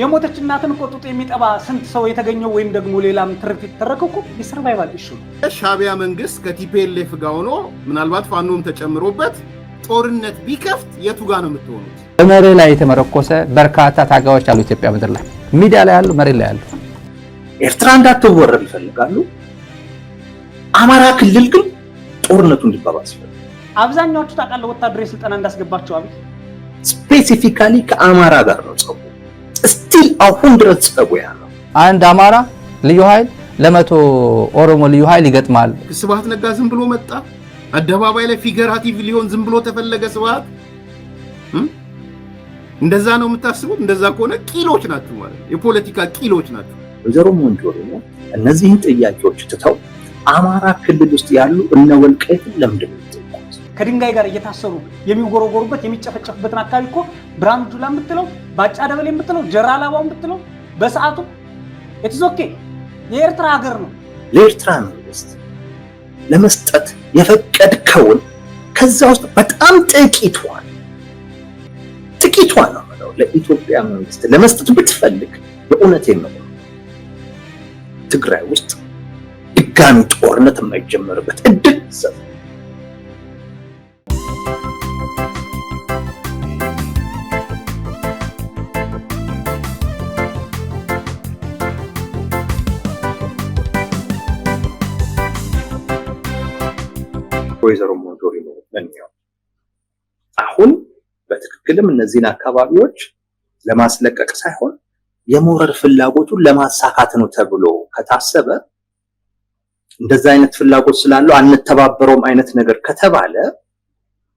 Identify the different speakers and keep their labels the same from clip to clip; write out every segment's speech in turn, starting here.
Speaker 1: የሞተች እናትን እኮ የሚጠባ ስንት ሰው የተገኘው ወይም ደግሞ ሌላም ትርፍ የተደረገው እኮ የሰርቫይቫል ኢሹ
Speaker 2: ነው። ሻቢያ መንግስት ከቲፒኤልኤፍ ጋር ሆኖ ምናልባት ፋኖም ተጨምሮበት ጦርነት ቢከፍት የቱ ጋር ነው የምትሆኑት?
Speaker 3: በመሬ ላይ የተመረኮሰ በርካታ ታጋዮች አሉ። ኢትዮጵያ ምድር ላይ ሚዲያ ላይ ያሉ፣ መሬት ላይ ያሉ
Speaker 4: ኤርትራ እንዳትወረር ይፈልጋሉ። አማራ ክልል ግን ጦርነቱ እንዲባባስ ይፈልጋል።
Speaker 1: አብዛኛዎቹ ታውቃለህ፣ ወታደራዊ ስልጠና እንዳስገባቸው አብይ
Speaker 4: ስፔሲፊካሊ ከአማራ ጋር ነው ጸቡ ስቲል አሁን ድረስ ጸቡ ያለው
Speaker 3: አንድ አማራ ልዩ ኃይል ለመቶ ኦሮሞ ልዩ ኃይል ይገጥማል።
Speaker 2: ስብሃት ነጋ ዝም ብሎ መጣ አደባባይ ላይ ፊገራቲቭ ሊሆን ዝም ብሎ ተፈለገ። ስብሃት እንደዛ ነው የምታስቡት? እንደዛ ከሆነ ቂሎች ናችሁ ማለት የፖለቲካ ቂሎች ናችሁ።
Speaker 4: ወይዘሮ ሞንጆሪ እነዚህን ጥያቄዎች ትተው አማራ ክልል ውስጥ ያሉ እነ ወልቃይትን ለምንድን ነው
Speaker 1: ከድንጋይ ጋር እየታሰሩ የሚጎረጎሩበት የሚጨፈጨፉበትን አካባቢ እኮ ብርሃኑ ጁላ የምትለው ባጫ ደበሌ የምትለው ጀራ አበባው የምትለው በሰዓቱ ኢትስ ኦኬ የኤርትራ ሀገር ነው።
Speaker 4: ለኤርትራ መንግስት ለመስጠት የፈቀድከውን ከዛ ውስጥ በጣም ጥቂቷን ጥቂቷን ነው ለኢትዮጵያ መንግስት ለመስጠት ብትፈልግ በእውነቴን ነው ትግራይ ውስጥ ድጋሚ ጦርነት የማይጀመርበት እድል ሰፊ ወይዘሮ ሞንቶሪ ነው። አሁን በትክክልም እነዚህን አካባቢዎች ለማስለቀቅ ሳይሆን የመውረር ፍላጎቱን ለማሳካት ነው ተብሎ ከታሰበ እንደዛ አይነት ፍላጎት ስላለው አንተባበረውም አይነት ነገር ከተባለ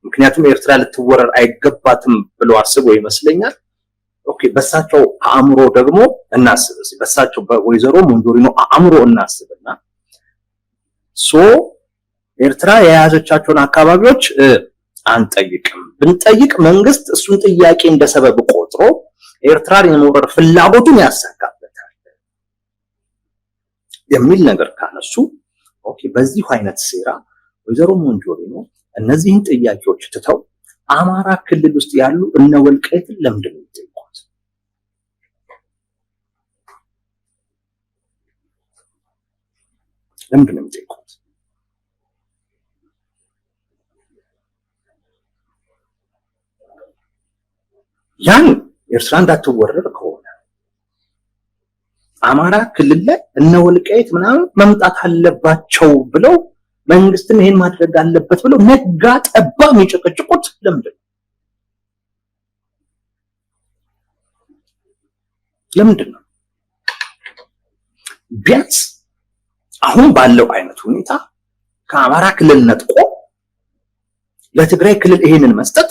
Speaker 4: ምክንያቱም ኤርትራ ልትወረር አይገባትም ብሎ አስቦ ይመስለኛል። ኦኬ፣ በሳቸው አእምሮ ደግሞ እናስብ፣ በሳቸው በወይዘሮ ሞንዶሪኖ አእምሮ እናስብና ሶ ኤርትራ የያዘቻቸውን አካባቢዎች አንጠይቅም። ብንጠይቅ መንግስት እሱን ጥያቄ እንደ ሰበብ ቆጥሮ ኤርትራን የመውረር ፍላጎቱን ያሳካበታል የሚል ነገር ካነሱ ኦኬ፣ በዚሁ አይነት ሴራ ወይዘሮ ሞንጆሪኖ እነዚህን ጥያቄዎች ትተው አማራ ክልል ውስጥ ያሉ እነ ወልቃይትን ለምንድን ነው የሚጠይቁት? ለምንድን ነው የሚጠይቁት? ያን ኤርትራ እንዳትወረር ከሆነ አማራ ክልል ላይ እነ ወልቃይት ምናምን መምጣት አለባቸው ብለው መንግስትም ይሄን ማድረግ አለበት ብለው ነጋ ጠባ የሚጨቀጭቁት ለምንድን ነው? ለምንድን ነው? ቢያንስ አሁን ባለው አይነት ሁኔታ ከአማራ ክልል ነጥቆ ለትግራይ ክልል ይሄንን መስጠት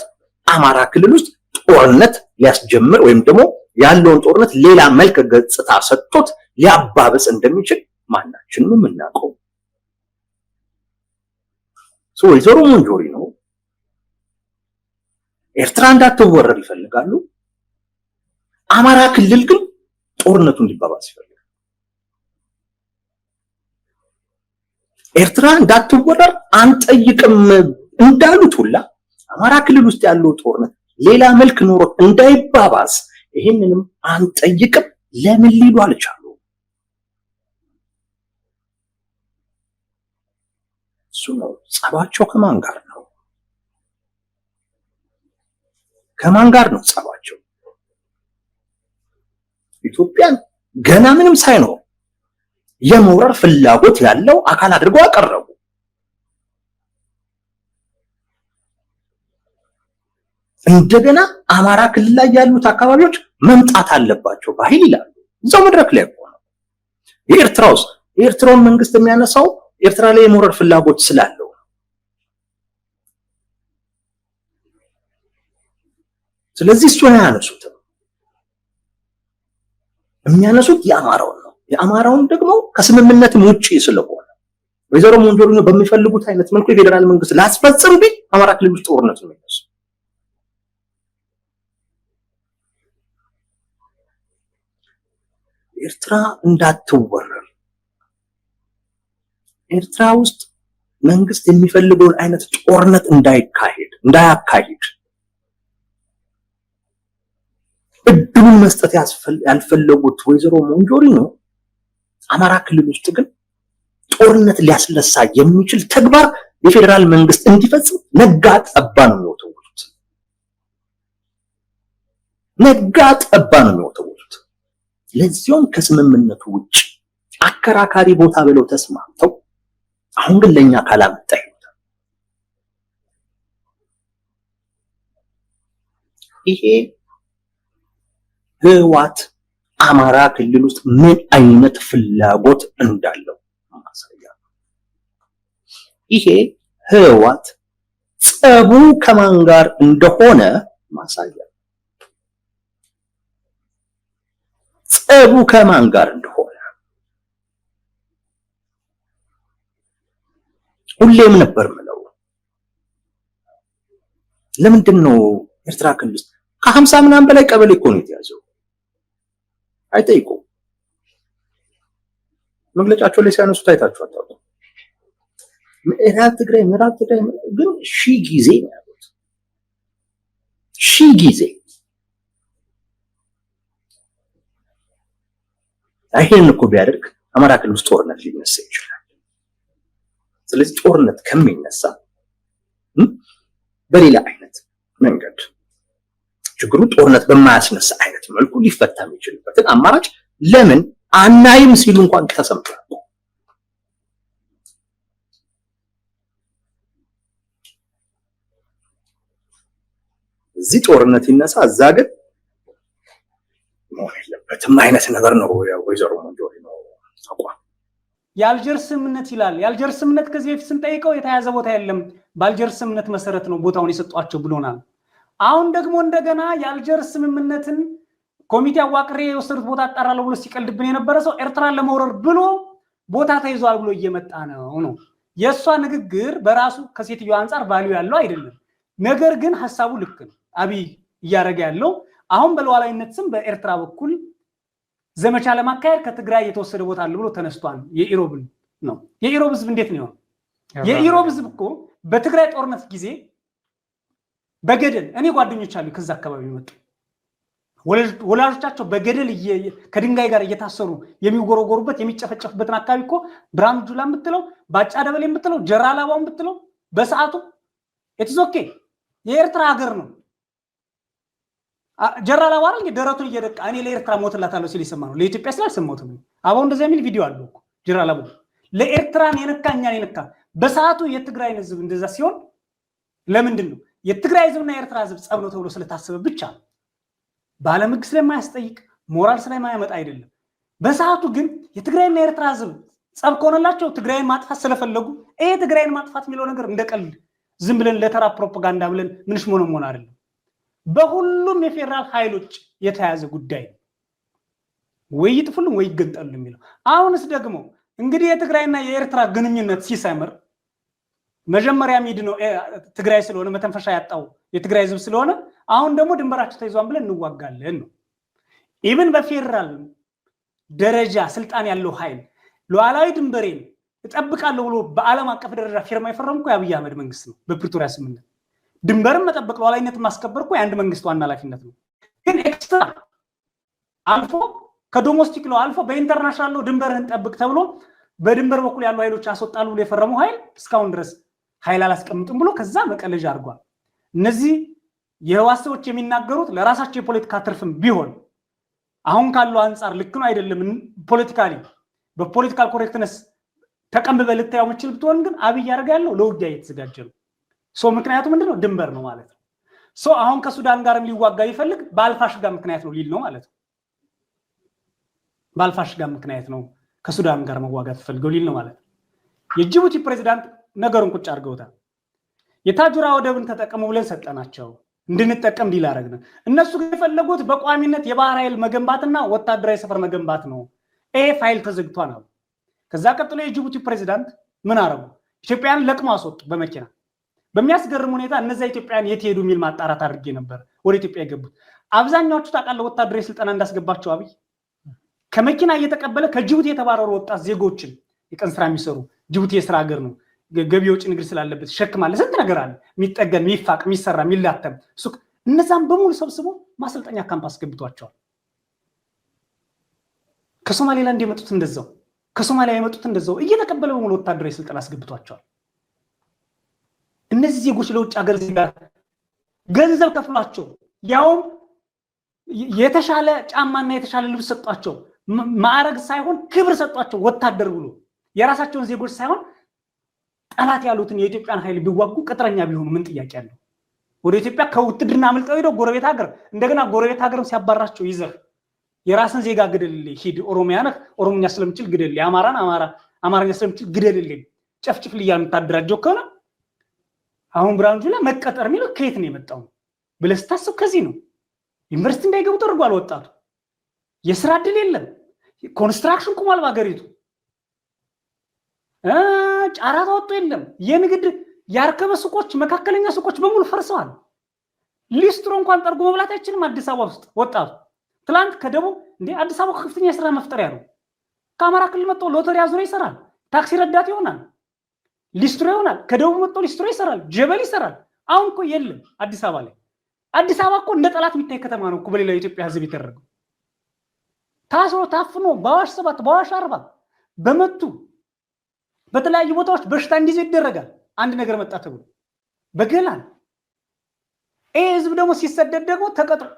Speaker 4: አማራ ክልል ውስጥ ጦርነት ሊያስጀምር ወይም ደግሞ ያለውን ጦርነት ሌላ መልክ ገጽታ ሰጥቶት ሊያባብስ እንደሚችል ማናችንም የምናውቀው ወይዘሮ ሞንጆሪ ነው። ኤርትራ እንዳትወረር ይፈልጋሉ። አማራ ክልል ግን ጦርነቱ እንዲባባስ ይፈልጋል። ኤርትራ እንዳትወረር አንጠይቅም እንዳሉት ሁላ አማራ ክልል ውስጥ ያለው ጦርነት ሌላ መልክ ኖሮ እንዳይባባስ ይህንንም አንጠይቅም ለምን ሊሉ አልቻሉ። እሱ ነው ጸባቸው። ከማን ጋር ነው? ከማን ጋር ነው ጸባቸው? ኢትዮጵያን ገና ምንም ሳይኖር የመውረር ፍላጎት ያለው አካል አድርጎ አቀረቡ። እንደገና አማራ ክልል ላይ ያሉት አካባቢዎች መምጣት አለባቸው በኃይል ይላሉ። እዛው መድረክ ላይ ነው የኤርትራውስ የኤርትራውን መንግስት የሚያነሳው ኤርትራ ላይ የመውረድ ፍላጎት ስላለው ስለዚህ እሱን ያነሱት የሚያነሱት የአማራውን ነው። የአማራውን ደግሞ ከስምምነትም ውጪ ስለሆነ ወይዘሮ ሞንጆሪኖ በሚፈልጉት አይነት መልኩ የፌዴራል መንግስት ላስፈጽም ቢል አማራ ክልል ውስጥ ጦርነት ነው ኤርትራ እንዳትወረር ኤርትራ ውስጥ መንግስት የሚፈልገውን አይነት ጦርነት እንዳይካሄድ እንዳያካሂድ እድሉን መስጠት ያልፈለጉት ወይዘሮ ነው። አማራ ክልል ውስጥ ግን ጦርነት ሊያስነሳ የሚችል ተግባር የፌዴራል መንግስት እንዲፈጽም ነጋ ጠባ ነው ነጋ ጠባ ነው ለዚሁም ከስምምነቱ ውጭ አከራካሪ ቦታ ብለው ተስማምተው አሁን ግን ለእኛ ካላመጣ ይሄ ህወሓት አማራ ክልል ውስጥ ምን አይነት ፍላጎት እንዳለው ማሳያ ይሄ ህወሓት ጸቡ ከማን ጋር እንደሆነ ማሳያ ጸቡ ከማን ጋር እንደሆነ ሁሌም ነበር ምለው። ለምንድን ነው ኤርትራ ክልል ውስጥ ከሀምሳ ምናምን በላይ ቀበሌ እኮ ነው የተያዘው። አይጠይቁም። መግለጫቸው ላይ ሲያነሱ ታይታችሁ አታውቁም። ምዕራብ ትግራይ ምዕራብ ትግራይ ግን ሺህ ጊዜ ነው ያሉት ሺህ ጊዜ ይሄንን እኮ ቢያደርግ አማራ ክልል ውስጥ ጦርነት ሊነሳ ይችላል። ስለዚህ ጦርነት ከሚነሳ በሌላ አይነት መንገድ ችግሩ ጦርነት በማያስነሳ አይነት መልኩ ሊፈታ የሚችልበትን አማራጭ ለምን አናይም ሲሉ እንኳን ተሰምቷል። እዚህ ጦርነት ይነሳ እዛ ግን መሆን የለበትም አይነት ነገር ነው ወይዘሮ ነው አቋም።
Speaker 1: የአልጀር ስምምነት ይላል። የአልጀር ስምምነት ከዚህ በፊት ስንጠይቀው የተያዘ ቦታ የለም፣ በአልጀር ስምምነት መሰረት ነው ቦታውን የሰጧቸው ብሎናል። አሁን ደግሞ እንደገና የአልጀር ስምምነትን ኮሚቴ አዋቅሬ የወሰዱት ቦታ አጣራለሁ ብሎ ሲቀልድብን የነበረ ሰው ኤርትራን ለመውረር ብሎ ቦታ ተይዟል ብሎ እየመጣ ነው ነው የእሷ ንግግር በራሱ ከሴትዮ አንጻር ቫሊዩ ያለው አይደለም። ነገር ግን ሀሳቡ ልክ ነው አብይ እያደረገ ያለው አሁን በሉዓላዊነት ስም በኤርትራ በኩል ዘመቻ ለማካሄድ ከትግራይ የተወሰደ ቦታ አለ ብሎ ተነስቷል። የኢሮብን ነው። የኢሮብ ህዝብ እንዴት ነው? የኢሮብ ህዝብ እኮ በትግራይ ጦርነት ጊዜ በገደል እኔ ጓደኞች አሉ ከዛ አካባቢ መጡ ወላጆቻቸው በገደል ከድንጋይ ጋር እየታሰሩ የሚጎረጎሩበት የሚጨፈጨፍበትን አካባቢ እኮ ብርሃኑ ጁላ የምትለው ባጫ ደበሌ የምትለው ጀራ ላባ የምትለው በሰዓቱ ኢትስ ኦኬ የኤርትራ ሀገር ነው። ጀራ አባራ እንግዲህ ደረቱን እየደቃ እኔ ለኤርትራ ሞትላታለሁ ሲል ይሰማ ነው። ለኢትዮጵያ ስላል ስላልሰማሁትም አሁን እንደዚያ የሚል ቪዲዮ አለ። ጀራ ጀነራል ለኤርትራን የነካ እኛን የነካ በሰዓቱ የትግራይን ህዝብ እንደዛ ሲሆን ለምንድን ነው የትግራይ ህዝብና የኤርትራ ህዝብ ጸብ ነው ተብሎ ስለታሰበ ብቻ በዓለም ህግ ስለማያስጠይቅ ሞራል ስለማያመጣ አይደለም። በሰዓቱ ግን የትግራይና የኤርትራ ህዝብ ጸብ ከሆነላቸው ትግራይን ማጥፋት ስለፈለጉ ይሄ ትግራይን ማጥፋት የሚለው ነገር እንደቀልድ ዝም ብለን ለተራ ፕሮፓጋንዳ ብለን ምንሽ መሆነ መሆን አይደለም። በሁሉም የፌዴራል ኃይሎች የተያዘ ጉዳይ ነው። ውይይት ሁሉም ወይ ይገንጠሉ የሚለው አሁንስ ደግሞ እንግዲህ የትግራይና የኤርትራ ግንኙነት ሲሰምር መጀመሪያ ሚድ ነው ትግራይ ስለሆነ መተንፈሻ ያጣው የትግራይ ህዝብ ስለሆነ አሁን ደግሞ ድንበራቸው ተይዟን ብለን እንዋጋለን ነው። ኢብን በፌዴራል ደረጃ ስልጣን ያለው ኃይል ሉዓላዊ ድንበሬን እጠብቃለሁ ብሎ በዓለም አቀፍ ደረጃ ፊርማ የፈረምኩ የአብይ አህመድ መንግስት ነው በፕሪቶሪያ ስምምነት ድንበርን መጠበቅ ሉዓላዊነትን ማስከበር እኮ የአንድ መንግስት ዋና ኃላፊነት ነው። ግን ኤክስትራ አልፎ ከዶሜስቲክ ሎ አልፎ በኢንተርናሽናል ሎ ድንበርህን ጠብቅ ተብሎ በድንበር በኩል ያሉ ኃይሎች አስወጣሉ ብሎ የፈረመው ኃይል እስካሁን ድረስ ኃይል አላስቀምጥም ብሎ ከዛ መቀለጃ አድርጓል። እነዚህ የህወሓት ሰዎች የሚናገሩት ለራሳቸው የፖለቲካ ትርፍም ቢሆን አሁን ካለው አንጻር ልክ ነው አይደለም፣ ፖለቲካሊ በፖለቲካል ኮሬክትነስ ተቀንብበ ልታየው የምችል ብትሆን ግን አብይ አድርጋ ያለው ለውጊያ እየተዘጋጀ ነው። ሶ ምክንያቱ ምንድነው? ድንበር ነው ማለት ነው። ሶ አሁን ከሱዳን ጋርም ሊዋጋ ይፈልግ ጋር ምክንያት ነው ሊል ነው ማለት ነው። ጋር ምክንያት ነው ከሱዳን ጋር መዋጋት ፈልገው ሊል ነው ማለት ነው። የጅቡቲ ፕሬዚዳንት ነገሩን ቁጭ አድርገውታል። የታጁራ ወደብን ተጠቀሙ ብለን ሰጠናቸው እንድንጠቀም ዲል አደረግን። እነሱ የፈለጉት በቋሚነት የባህር ኃይል መገንባትና ወታደራዊ ሰፈር መገንባት ነው። ይሄ ፋይል ተዘግቷል አሉ። ከዛ ቀጥሎ የጅቡቲ ፕሬዚዳንት ምን አረጉ? ኢትዮጵያን ለቅሞ አስወጡ በመኪና በሚያስገርም ሁኔታ እነዛ ኢትዮጵያውያን የት ሄዱ የሚል ማጣራት አድርጌ ነበር። ወደ ኢትዮጵያ የገቡት አብዛኛዎቹ ታውቃለህ፣ ወታደራዊ ስልጠና እንዳስገባቸው አብይ ከመኪና እየተቀበለ ከጅቡቲ የተባረሩ ወጣት ዜጎችን የቀን ስራ የሚሰሩ ጅቡቲ የስራ ሀገር ነው። ገቢ ወጪ ንግድ ስላለበት ሸክማለ ስንት ነገር አለ፣ የሚጠገን የሚፋቅ የሚሰራ የሚላተም ሱቅ። እነዛም በሙሉ ሰብስቦ ማሰልጠኛ ካምፕ አስገብቷቸዋል። ከሶማሌላንድ የመጡት እንደዛው፣ ከሶማሊያ የመጡት እንደዛው እየተቀበለ በሙሉ ወታደራዊ ስልጠና አስገብቷቸዋል። እነዚህ ዜጎች ለውጭ ሀገር ዜጋ ገንዘብ ከፍሏቸው ያውም የተሻለ ጫማና የተሻለ ልብስ ሰጧቸው። ማዕረግ ሳይሆን ክብር ሰጧቸው። ወታደር ብሎ የራሳቸውን ዜጎች ሳይሆን ጠላት ያሉትን የኢትዮጵያን ኃይል ቢዋጉ ቅጥረኛ ቢሆኑ ምን ጥያቄ አለው? ወደ ኢትዮጵያ ከውትድርና አምልጠው ሄደው ጎረቤት ሀገር እንደገና ጎረቤት ሀገርም ሲያባራቸው ይዘህ የራስን ዜጋ ግደልልኝ ሂድ፣ ኦሮሚያ ነህ፣ ኦሮምኛ ስለምችል ግደልልኝ፣ አማራን አማራ አማርኛ ስለምችል ግደልልኝ፣ ጨፍጭፍ ልያ የምታደራጀው ከሆነ አሁን ብራንቹ ላይ መቀጠር የሚለው ከየት ነው የመጣው ብለህ ስታስብ ከዚህ ነው። ዩኒቨርሲቲ እንዳይገቡ ተደርጓል። ወጣቱ የስራ እድል የለም። ኮንስትራክሽን ቁሟል በሀገሪቱ። ጫራ ተወጡ የለም። የንግድ ያርከበ ሱቆች፣ መካከለኛ ሱቆች በሙሉ ፈርሰዋል። ሊስትሮ እንኳን ጠርጎ መብላት አይችልም። አዲስ አበባ ውስጥ ወጣቱ ትላንት ከደቡብ እንደ አዲስ አበባ ከፍተኛ የስራ መፍጠሪያ ነው። ከአማራ ክልል መጥቶ ሎተሪ አዙረ ይሰራል። ታክሲ ረዳት ይሆናል። ሊስትሮ ይሆናል። ከደቡብ መጥቶ ሊስትሮ ይሰራል፣ ጀበል ይሰራል። አሁን እኮ የለም አዲስ አበባ ላይ። አዲስ አበባ እኮ እንደ ጠላት የሚታይ ከተማ ነው እኮ በሌላው የኢትዮጵያ ህዝብ የተደረገው ታስሮ ታፍኖ በአዋሽ ሰባት በአዋሽ አርባ በመቱ በተለያዩ ቦታዎች በሽታ እንዲይዘ ይደረጋል። አንድ ነገር መጣ ተብሎ በገላን ይህ ህዝብ ደግሞ ሲሰደድ ደግሞ ተቀጥሮ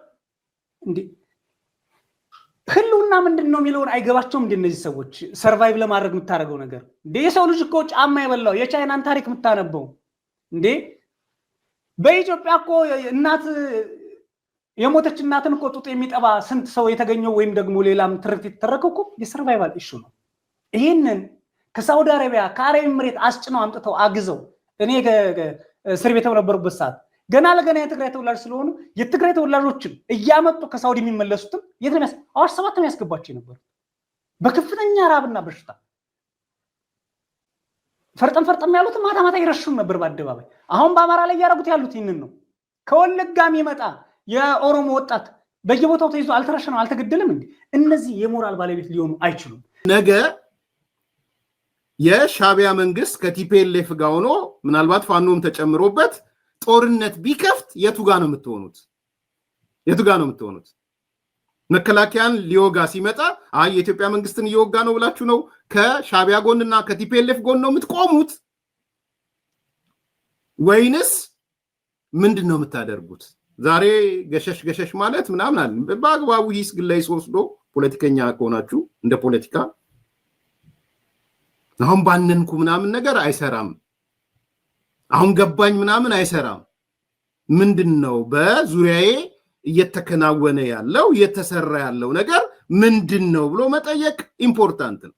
Speaker 1: እንዴ ህልውና ምንድን ነው የሚለውን አይገባቸውም። እንደ እነዚህ ሰዎች ሰርቫይቭ ለማድረግ የምታደርገው ነገር እንደ የሰው ልጅ እኮ ጫማ የበላው የቻይናን ታሪክ የምታነበው እንዴ በኢትዮጵያ እኮ እናት የሞተች እናትን እኮ ጡጥ የሚጠባ ስንት ሰው የተገኘው ወይም ደግሞ ሌላም ትርት የተተረከው እኮ የሰርቫይቫል እሹ ነው። ይህንን ከሳውዲ አረቢያ ከአረብ ኤምሬት አስጭነው አምጥተው አግዘው እኔ እስር ቤት በነበሩበት ሰዓት ገና ለገና የትግራይ ተወላጅ ስለሆኑ የትግራይ ተወላጆችን እያመጡ ከሳውዲ የሚመለሱትም የት ነው? አዋሽ ሰባት ነው ያስገባቸው የነበሩት በከፍተኛ ራብና በሽታ ፈርጠም ፈርጠም ያሉት ማታ ማታ ይረሹም ነበር በአደባባይ። አሁን በአማራ ላይ እያደረጉት ያሉት ይህንን ነው። ከወለጋ የሚመጣ የኦሮሞ ወጣት በየቦታው ተይዞ አልተረሸነው አልተገደለም። እንዲ እነዚህ የሞራል ባለቤት ሊሆኑ አይችሉም።
Speaker 2: ነገ የሻቢያ መንግስት ከቲፒኤልኤፍ ጋር ሆኖ ምናልባት ፋኖም ተጨምሮበት ጦርነት ቢከፍት የቱ ጋ ነው የምትሆኑት? የቱ ጋ ነው የምትሆኑት? መከላከያን ሊወጋ ሲመጣ አይ የኢትዮጵያ መንግስትን እየወጋ ነው ብላችሁ ነው ከሻቢያ ጎንና ከቲፒኤልኤፍ ጎን ነው የምትቆሙት ወይንስ ምንድን ነው የምታደርጉት? ዛሬ ገሸሽ ገሸሽ ማለት ምናምን አለ። በአግባቡ ሂስ ግላይ ወስዶ ፖለቲከኛ ከሆናችሁ እንደ ፖለቲካ አሁን ባነንኩ ምናምን ነገር አይሰራም። አሁን ገባኝ ምናምን አይሰራም። ምንድን ነው በዙሪያዬ እየተከናወነ ያለው እየተሰራ ያለው ነገር ምንድን ነው ብሎ መጠየቅ ኢምፖርታንት ነው።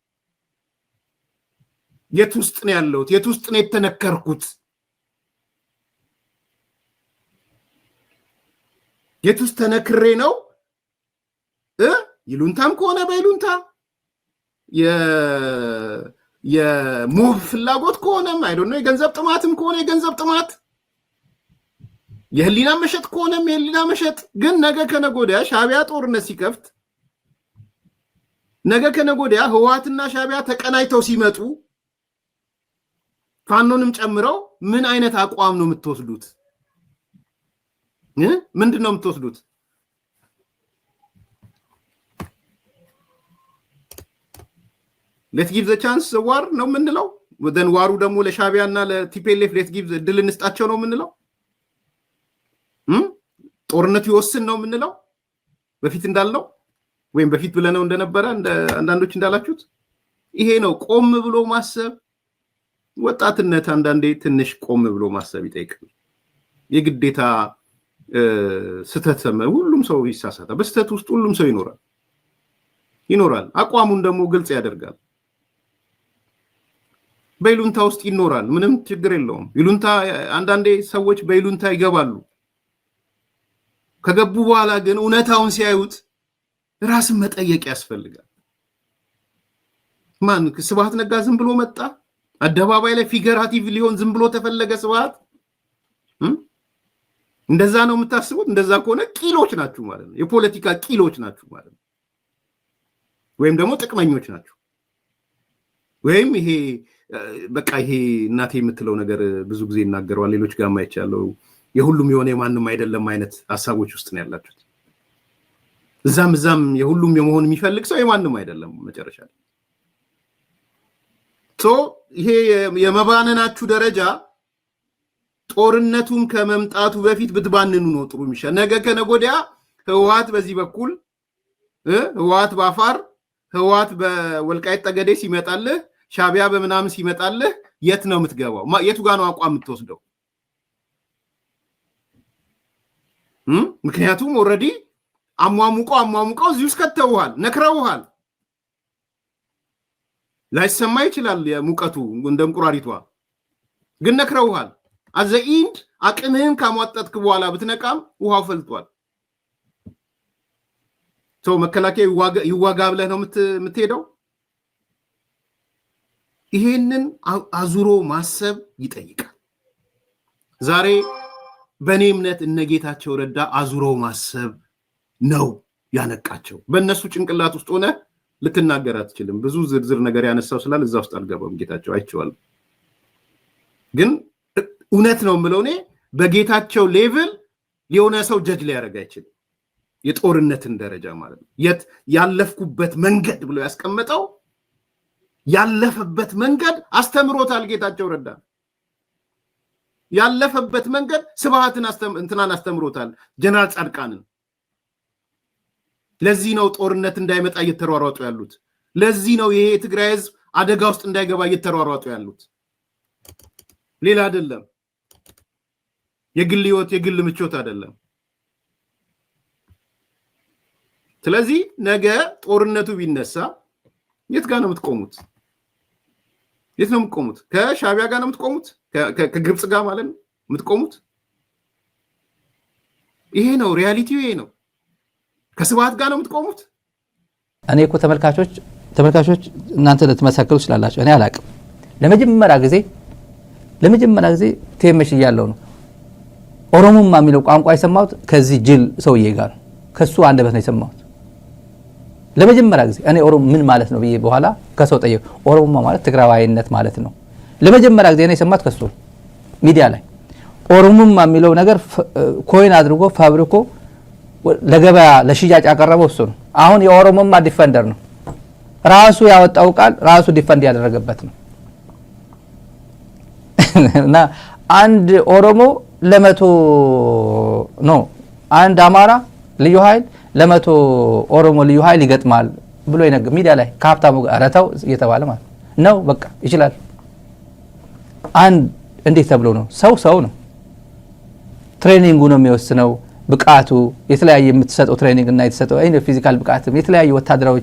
Speaker 2: የት ውስጥ ነው ያለሁት? የት ውስጥ ነው የተነከርኩት? የት ውስጥ ተነክሬ ነው? ይሉንታም ከሆነ በይሉንታ የሙብ ፍላጎት ከሆነም ነው የገንዘብ ጥማትም ከሆነ የገንዘብ ጥማት፣ የህሊና መሸጥ ከሆነም የህሊና መሸጥ። ግን ነገ ከነገ ሻቢያ ጦርነት ሲከፍት፣ ነገ ከነገ ወዲያ ህወሓትና ተቀናይተው ሲመጡ ፋኖንም ጨምረው ምን አይነት አቋም ነው የምትወስዱት? ምንድን ነው የምትወስዱት? ሌትጊቭ ዘ ቻንስ ዋር ነው የምንለው። ደን ዋሩ ደግሞ ለሻቢያ እና ለቲፔሌፍ ጊቭ ድል እንስጣቸው ነው የምንለው። hmm? ጦርነቱ ይወስን ነው የምንለው። በፊት እንዳልነው ወይም በፊት ብለነው እንደነበረ አንዳንዶች እንዳላችሁት ይሄ ነው። ቆም ብሎ ማሰብ ወጣትነት አንዳንዴ ትንሽ ቆም ብሎ ማሰብ ይጠይቃል። የግዴታ ስህተት ሁሉም ሰው ይሳሳታል። በስህተት ውስጥ ሁሉም ሰው ይኖራል ይኖራል። አቋሙን ደግሞ ግልጽ ያደርጋል። በይሉንታ ውስጥ ይኖራል። ምንም ችግር የለውም። ይሉንታ አንዳንዴ ሰዎች በይሉንታ ይገባሉ። ከገቡ በኋላ ግን እውነታውን ሲያዩት ራስን መጠየቅ ያስፈልጋል። ማን ስብሐት ነጋ ዝም ብሎ መጣ? አደባባይ ላይ ፊገራቲቭ ሊሆን ዝም ብሎ ተፈለገ? ስብሐት እንደዛ ነው የምታስቡት? እንደዛ ከሆነ ቂሎች ናችሁ ማለት ነው። የፖለቲካ ቂሎች ናችሁ ማለት ነው። ወይም ደግሞ ጥቅመኞች ናችሁ ወይም ይሄ በቃ ይሄ እናቴ የምትለው ነገር ብዙ ጊዜ ይናገረዋል። ሌሎች ጋር ማይቻለው የሁሉም የሆነ የማንም አይደለም አይነት ሀሳቦች ውስጥ ነው ያላችሁት። እዛም እዛም የሁሉም የመሆን የሚፈልግ ሰው የማንም አይደለም መጨረሻ ሶ ይሄ የመባነናችሁ ደረጃ ጦርነቱም ከመምጣቱ በፊት ብትባንኑ ነው ጥሩ የሚሻል። ነገ ከነገ ወዲያ ህወሓት በዚህ በኩል ህወሓት በአፋር ህወሓት በወልቃይት ጠገዴ ሲመጣልህ ሻቢያ በምናምን ሲመጣልህ የት ነው የምትገባው? የቱ ጋ ነው አቋም የምትወስደው? ምክንያቱም ኦልሬዲ አሟሙቀው አሟሙቀው እዚህ ውስጥ ከተውሃል፣ ነክረውሃል። ላይሰማ ይችላል የሙቀቱ እንደ እንቁራሪቷ፣ ግን ነክረውሃል። አዘ ኢንድ አቅምህን ካሟጠጥክ በኋላ ብትነቃም ውሃው ፈልጧል። ሰው መከላከያ ይዋጋ ብለህ ነው የምትሄደው። ይሄንን አዙሮ ማሰብ ይጠይቃል። ዛሬ በእኔ እምነት እነ ጌታቸው ረዳ አዙሮ ማሰብ ነው ያነቃቸው። በእነሱ ጭንቅላት ውስጥ ሆነ ልትናገር አትችልም። ብዙ ዝርዝር ነገር ያነሳው ስላል እዛ ውስጥ አልገባም። ጌታቸው አይቼዋለሁ፣ ግን እውነት ነው የምለው እኔ በጌታቸው ሌቭል የሆነ ሰው ጀጅ ሊያደርግ አይችልም። የጦርነትን ደረጃ ማለት ነው። የት ያለፍኩበት መንገድ ብሎ ያስቀመጠው ያለፈበት መንገድ አስተምሮታል። ጌታቸው ረዳ ያለፈበት መንገድ ስብሃትን እንትናን አስተምሮታል፣ ጀነራል ጻድቃንን። ለዚህ ነው ጦርነት እንዳይመጣ እየተሯሯጡ ያሉት። ለዚህ ነው ይሄ የትግራይ ህዝብ አደጋ ውስጥ እንዳይገባ እየተሯሯጡ ያሉት። ሌላ አይደለም። የግል ህይወት፣ የግል ምቾት አይደለም። ስለዚህ ነገ ጦርነቱ ቢነሳ የት ጋር ነው የምትቆሙት? የት ነው የምትቆሙት? ከሻቢያ ጋር ነው የምትቆሙት? ከግብፅ ጋር ማለት ነው የምትቆሙት? ይሄ ነው ሪያሊቲው፣ ይሄ ነው። ከስብሀት ጋር ነው የምትቆሙት?
Speaker 3: እኔ እኮ ተመልካቾች ተመልካቾች እናንተ ልትመሰክሩ ስላላቸው እኔ አላቅም። ለመጀመሪያ ጊዜ ለመጀመሪያ ጊዜ ቴመሽ እያለው ነው ኦሮሞማ የሚለው ቋንቋ የሰማሁት ከዚህ ጅል ሰውዬ ጋር ከሱ አንደበት ነው የሰማሁት። ለመጀመሪያ ጊዜ እኔ ኦሮሞ ምን ማለት ነው ብዬ በኋላ ከሰው ጠየቅ። ኦሮሞማ ማለት ትግራዋይነት ማለት ነው። ለመጀመሪያ ጊዜ እኔ ሰማት ከሱ ሚዲያ ላይ ኦሮሞማ የሚለው ነገር ኮይን አድርጎ ፋብሪኮ ለገበያ ለሽያጭ ያቀረበው እሱ ነው። አሁን የኦሮሞማ ዲፈንደር ነው። ራሱ ያወጣው ቃል ራሱ ዲፈንድ ያደረገበት ነው። እና አንድ ኦሮሞ ለመቶ ነው አንድ አማራ ልዩ ኃይል ለመቶ ኦሮሞ ልዩ ኃይል ይገጥማል ብሎ ይነግ ሚዲያ ላይ ከሀብታሙ ጋር ረተው እየተባለ ማለት ነው። በቃ ይችላል። አንድ እንዴት ተብሎ ነው? ሰው ሰው ነው። ትሬኒንጉ ነው የሚወስነው። ብቃቱ የተለያየ የምትሰጠው ትሬኒንግ እና የተሰጠው ፊዚካል ብቃትም የተለያዩ ወታደራዊ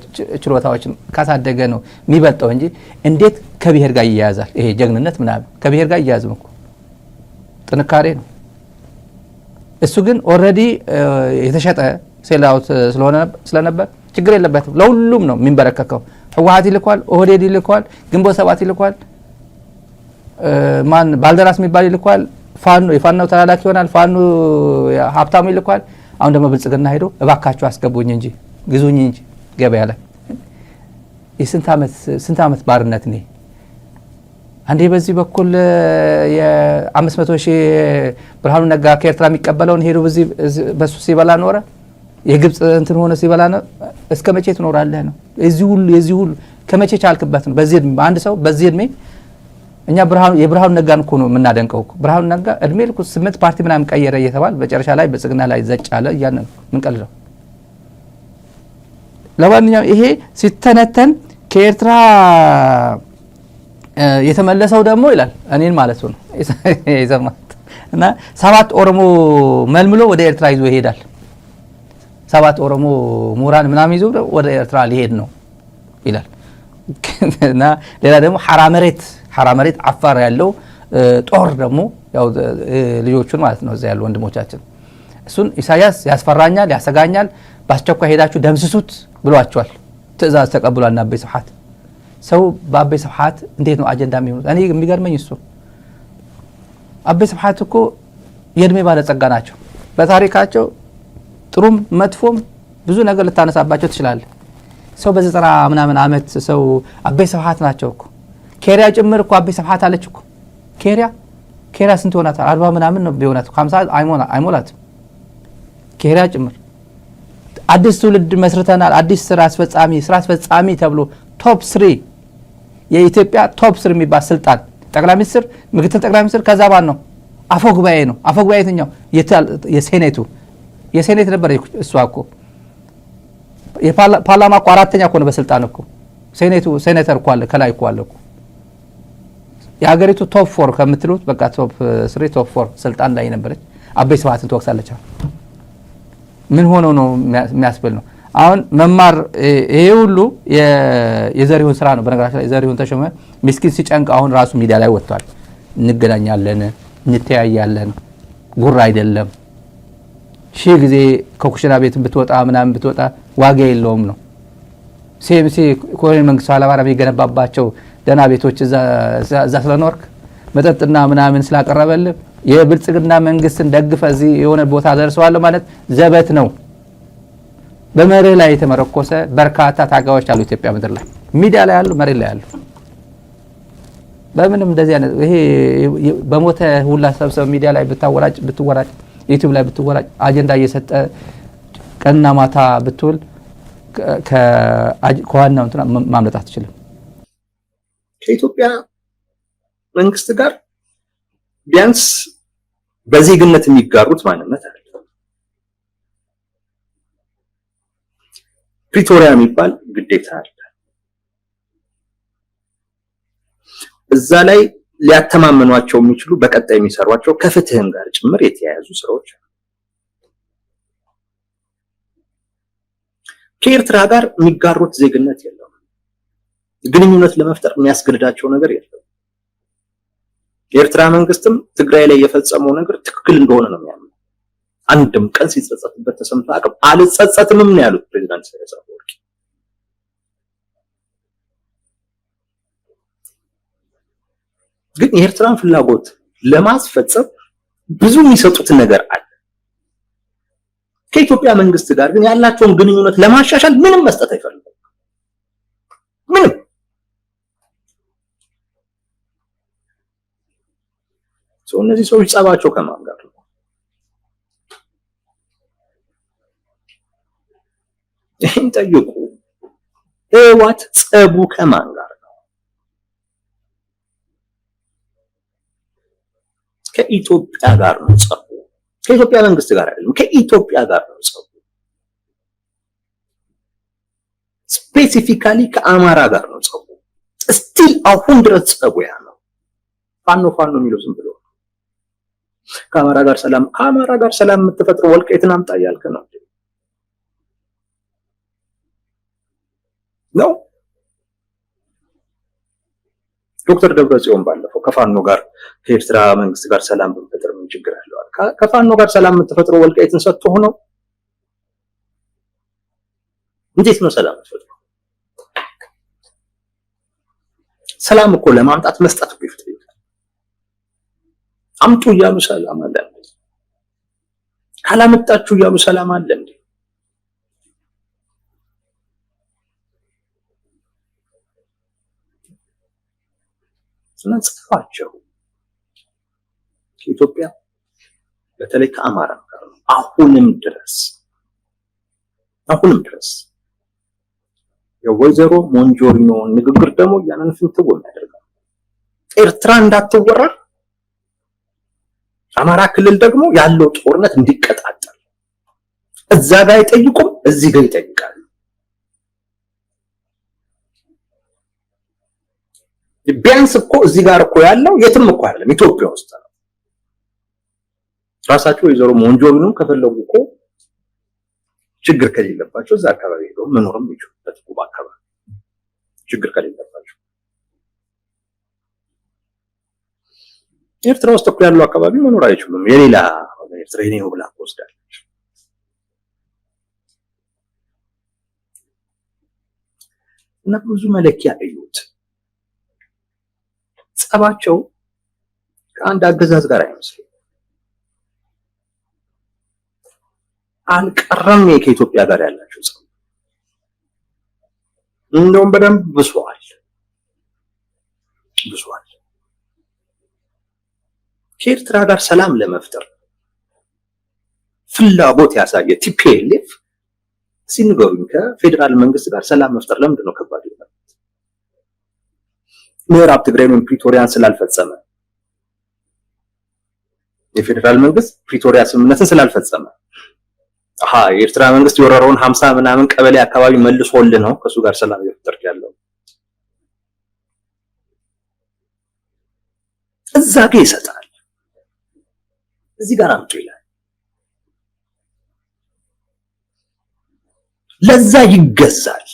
Speaker 3: ችሎታዎችን ካሳደገ ነው የሚበልጠው እንጂ እንዴት ከብሔር ጋር ይያያዛል? ይሄ ጀግንነት ምናምን ከብሔር ጋር ይያያዝም እኮ ጥንካሬ ነው። እሱ ግን ኦልሬዲ የተሸጠ ሴል ስለነበር ችግር የለበትም። ለሁሉም ነው የሚንበረከከው። ህወሀት ይልኳል፣ ኦህዴድ ይልኳል፣ ግንቦት ሰባት ይልኳል፣ ማን ባልደራስ የሚባል ይልኳል፣ ፋኖ የፋናው ተላላኪ ይሆናል፣ ፋኖ ሀብታሙ ይልኳል። አሁን ደግሞ ብልጽግና ሄዶ እባካችሁ አስገቡኝ እንጂ ግዙኝ እንጂ ገበያ ላይ የስንት ዓመት ባርነት ኔ አንዴ በዚህ በኩል የአምስት መቶ ሺህ ብርሃኑ ነጋ ከኤርትራ የሚቀበለውን ሄዱ በሱ ሲበላ ኖረ። የግብፅ እንትን ሆነ ሲበላ ነው። እስከ መቼ ትኖራለህ ነው። የዚህ ሁሉ የዚህ ሁሉ ከመቼ ቻልክበት ነው። በዚህ እድሜ አንድ ሰው በዚህ እድሜ እኛ የብርሃኑ ነጋን እኮ ነው የምናደንቀው። ብርሃኑ ነጋ እድሜ ልኩ ስምንት ፓርቲ ምናምን ቀየረ እየተባል መጨረሻ ላይ ብልጽግና ላይ ዘጭ አለ እያለ ነው የምንቀልለው። ለማንኛውም ይሄ ሲተነተን ከኤርትራ የተመለሰው ደግሞ ይላል እኔን ማለቱ ነው እና ሰባት ኦሮሞ መልምሎ ወደ ኤርትራ ይዞ ይሄዳል። ሰባት ኦሮሞ ምሁራን ምናምን ይዞ ወደ ኤርትራ ሊሄድ ነው ይላል እና ሌላ ደግሞ ሐራ መሬት ሐራ መሬት አፋር ያለው ጦር ደግሞ ልጆቹን ማለት ነው እዛ ያሉ ወንድሞቻችን እሱን ኢሳያስ ያስፈራኛል፣ ያሰጋኛል፣ በአስቸኳይ ሄዳችሁ ደምስሱት ብሏቸዋል። ትእዛዝ ተቀብሏል። እና አቤ ስብሓት ሰው በአቤ ስብሓት እንዴት ነው አጀንዳ የሚሆኑት? እኔ የሚገርመኝ እሱ አቤ ስብሓት እኮ የእድሜ ባለጸጋ ናቸው በታሪካቸው ጥሩም መጥፎም ብዙ ነገር ልታነሳባቸው ትችላለ። ሰው በዘጠና ምናምን አመት ሰው አበይ ሰብሀት ናቸው እኮ ኬሪያ ጭምር እኮ አበይ ሰብሀት አለች እኮ ኬሪያ ኬሪያ ስንት ይሆናታል? አርባ ምናምን ነው ቢሆናት ሀምሳ አይሞላትም። ኬሪያ ጭምር አዲስ ትውልድ መስርተናል። አዲስ ስራ አስፈጻሚ ስራ አስፈጻሚ ተብሎ ቶፕ ስሪ የኢትዮጵያ ቶፕ ስሪ የሚባል ስልጣን ጠቅላይ ሚኒስትር፣ ምክትል ጠቅላይ ሚኒስትር ከዛ ባን ነው? አፈ ጉባኤ ነው። አፈ ጉባኤ የትኛው? የሴኔቱ የሴኔት ነበር እሷ እኮ የፓርላማ እኮ አራተኛ እኮ ነው በስልጣን እኮ ሴኔቱ ሴኔተር እኮ አለ ከላይ እኮ አለ እኮ የሀገሪቱ ቶፕ ፎር ከምትሉት በቃ ቶፕ ስሪ ቶፕ ፎር ስልጣን ላይ ነበረች። አበይ ስብሀትን ትወቅሳለች። ምን ሆኖ ነው የሚያስብል ነው። አሁን መማር ይሄ ሁሉ የዘሪሁን ስራ ነው። በነገራችን ላይ የዘሪሁን ተሾመ ሚስኪን ሲጨንቅ አሁን ራሱ ሚዲያ ላይ ወጥቷል። እንገናኛለን፣ እንተያያለን፣ ጉራ አይደለም ሺህ ጊዜ ከኩሽና ቤት ብትወጣ ምናምን ብትወጣ ዋጋ የለውም ነው። ሴምሲ ኮሎኔል መንግስቱ ኃይለማርያም የሚገነባባቸው ደህና ቤቶች እዛ ስለኖርክ መጠጥና ምናምን ስላቀረበልህ የብልጽግና መንግስትን ደግፈ እዚህ የሆነ ቦታ ደርሰዋለሁ ማለት ዘበት ነው። በመርህ ላይ የተመረኮሰ በርካታ ታጋዮች አሉ ኢትዮጵያ ምድር ላይ ሚዲያ ላይ አሉ፣ መሬት ላይ አሉ። በምንም እንደዚህ አይነት ይሄ በሞተ ሁላ ሰብሰብ ሚዲያ ላይ ብታወራጭ ብትወራጭ ዩቲዩብ ላይ ብትወራጭ አጀንዳ እየሰጠ ቀንና ማታ ብትውል ከዋናው እንትና ማምለጥ አትችልም።
Speaker 4: ከኢትዮጵያ መንግስት ጋር ቢያንስ በዜግነት የሚጋሩት ማንነት አለ። ፕሪቶሪያ የሚባል ግዴታ አለ እዛ ላይ ሊያተማመኗቸው የሚችሉ በቀጣይ የሚሰሯቸው ከፍትህም ጋር ጭምር የተያያዙ ስራዎች ከኤርትራ ጋር የሚጋሩት ዜግነት የለም ግንኙነት ለመፍጠር የሚያስገድዳቸው ነገር የለም። የኤርትራ መንግስትም ትግራይ ላይ የፈጸመው ነገር ትክክል እንደሆነ ነው የሚያምነው። አንድም ቀን ሲጸጸትበት ተሰምቶ አቅም አልጸጸትምም ነው ያሉት ፕሬዚዳንት ኢሳያስ አፈወርቂ። ግን የኤርትራን ፍላጎት ለማስፈጸም ብዙ የሚሰጡት ነገር አለ። ከኢትዮጵያ መንግስት ጋር ግን ያላቸውን ግንኙነት ለማሻሻል ምንም መስጠት አይፈልጉም። ምንም ሰው እነዚህ ሰዎች ጸባቸው ከማን ጋር ይህን ጠይቁ። ህወሓት ጸቡ ከማን ከኢትዮጵያ ጋር ነው ጸቡ። ከኢትዮጵያ መንግስት ጋር አይደለም፣ ከኢትዮጵያ ጋር ነው ጸቡ። ስፔሲፊካሊ ከአማራ ጋር ነው ጸቡ። ስቲል አሁን ድረስ ጸቡ ያ ነው። ፋኖ ፋኖ የሚለው ዝም ብሎ ከአማራ ጋር ሰላም ከአማራ ጋር ሰላም የምትፈጥረው ወልቃይትን አምጣ እያልክ ነው ነው ዶክተር ደብረጽዮን ባለፈው ከፋኖ ጋር ከኤርትራ መንግስት ጋር ሰላም ብንፈጥር ምን ችግር አለዋል? ከፋኖ ጋር ሰላም የምትፈጥረው ወልቃይትን ሰጥቶ ነው። እንዴት ነው ሰላም የምትፈጥረው? ሰላም እኮ ለማምጣት መስጠት ነው። አምጡ እያሉ ሰላም አለ። ካላመጣችሁ እያሉ ሰላም አለ እንዴ? ጽፏቸው ከኢትዮጵያ በተለይ ከአማራ ጋር ነው። አሁንም ድረስ አሁንም ድረስ የወይዘሮ ሞንጆሪኖ ንግግር ደግሞ ያንን ፍንትው የሚያደርገው ኤርትራ እንዳትወረር አማራ ክልል ደግሞ ያለው ጦርነት እንዲቀጣጠል እዛ ጋር አይጠይቁም፣ እዚህ ጋር ይጠይቃሉ። ቢያንስ እኮ እዚህ ጋር እኮ ያለው የትም እኮ አይደለም ኢትዮጵያ ውስጥ ነው። ራሳቸው ወይዘሮ ሞንጆሪኖ ከፈለጉ እኮ ችግር ከሌለባቸው እዛ አካባቢ ሄደው መኖርም ይችላል። አካባቢ ችግር ከሌለባቸው ኤርትራ ውስጥ እኮ ያለው አካባቢ መኖር አይችሉም። የሌላ ኤርትራ የኔ ነው ብላ ወስዳለች። እና ብዙ መለኪያ እዩት። ጸባቸው ከአንድ አገዛዝ ጋር አይመስልም። አልቀረም ከኢትዮጵያ ጋር ያላቸው ጸብ እንደውም በደንብ ብሷል ብሷል። ከኤርትራ ጋር ሰላም ለመፍጠር ፍላጎት ያሳየ ቲፒኤልኤፍ ሲንገሩኝ ከፌዴራል መንግስት ጋር ሰላም መፍጠር ለምንድን ነው ከባድ ምዕራብ ትግራይን ፕሪቶሪያን ስላልፈጸመ የፌዴራል መንግስት ፕሪቶሪያ ስምምነትን ስላልፈጸመ አሃ የኤርትራ መንግስት የወረረውን ሀምሳ ምናምን ቀበሌ አካባቢ መልሶል ነው ከሱ ጋር ሰላም እየፈጠርክ ያለው። እዛ ጋ ይሰጣል፣ እዚህ ጋር አምጡ ይላል። ለዛ ይገዛል።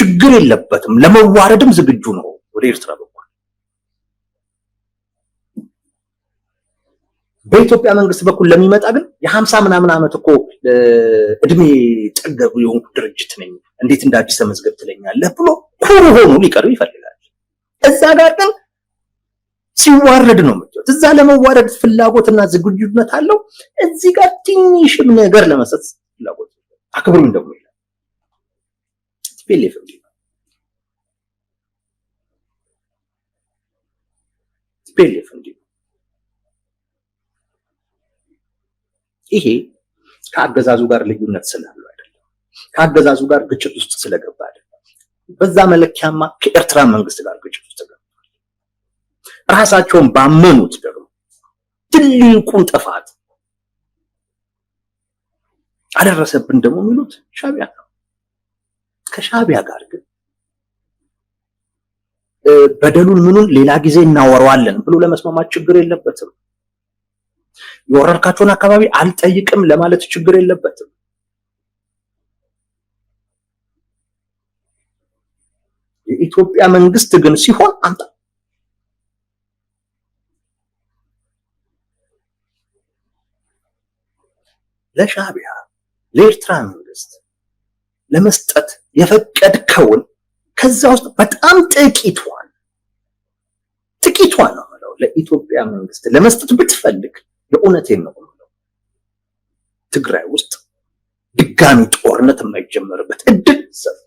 Speaker 4: ችግር የለበትም። ለመዋረድም ዝግጁ ነው ወደ ኤርትራ በኩል። በኢትዮጵያ መንግስት በኩል ለሚመጣ ግን የሀምሳ ምናምን ዓመት እኮ እድሜ ጠገቡ የሆንኩ ድርጅት ነኝ እንዴት እንደ አዲስ ተመዝገብ ትለኛለህ ብሎ ኩሩ ሆኖ ሊቀርብ ይፈልጋል። እዛ ጋር ግን ሲዋረድ ነው የምትወት። እዛ ለመዋረድ ፍላጎትና ዝግጁነት አለው። እዚህ ጋር ትንሽም ነገር ለመሰጥ ፍላጎት አክብሩኝ ደግሞ ይላል። spilleffektiva. spilleffektiva ይሄ ከአገዛዙ ጋር ልዩነት ስላለው አይደለም። ከአገዛዙ ጋር ግጭት ውስጥ ስለገባ አይደለም። በዛ መለኪያማ ከኤርትራ መንግስት ጋር ግጭት ውስጥ ገባ። ራሳቸውን ባመኑት ደግሞ ትልቁን ጥፋት አደረሰብን ደግሞ የሚሉት ሻዕቢያ ነው። ከሻቢያ ጋር ግን በደሉን ምኑን ሌላ ጊዜ እናወራዋለን ብሎ ለመስማማት ችግር የለበትም። የወረርካቸውን አካባቢ አልጠይቅም ለማለት ችግር የለበትም። የኢትዮጵያ መንግስት ግን ሲሆን አንተ ለሻቢያ ለኤርትራ ለመስጠት የፈቀድከውን ከዛ ውስጥ በጣም ጥቂቷን ጥቂቷን ነው የምለው ለኢትዮጵያ መንግስት ለመስጠት ብትፈልግ የእውነቴን ነው የምለው ትግራይ ውስጥ ድጋሚ ጦርነት የማይጀመርበት እድል ሰፊ